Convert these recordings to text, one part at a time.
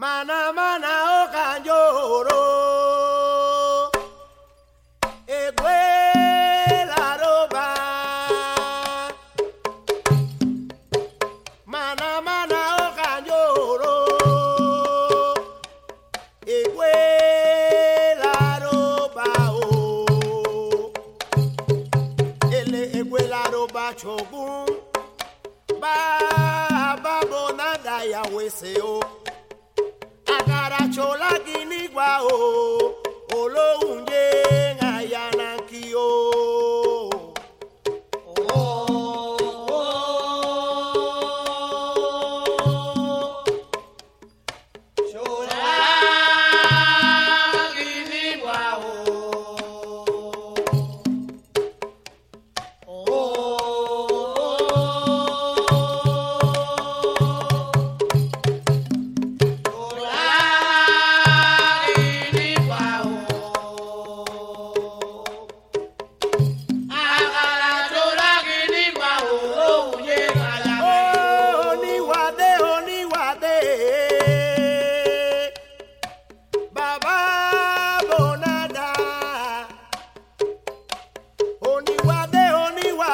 mana mana o kanjoro egwe la roba mana mana o kanjoro egwe la roba o ele la roba chogun baba bonada ya wese o. Chola Guinigua,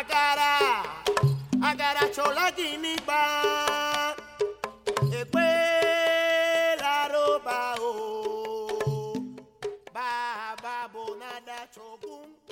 agara agara chola ba egbe la roba o baba bonada chogun.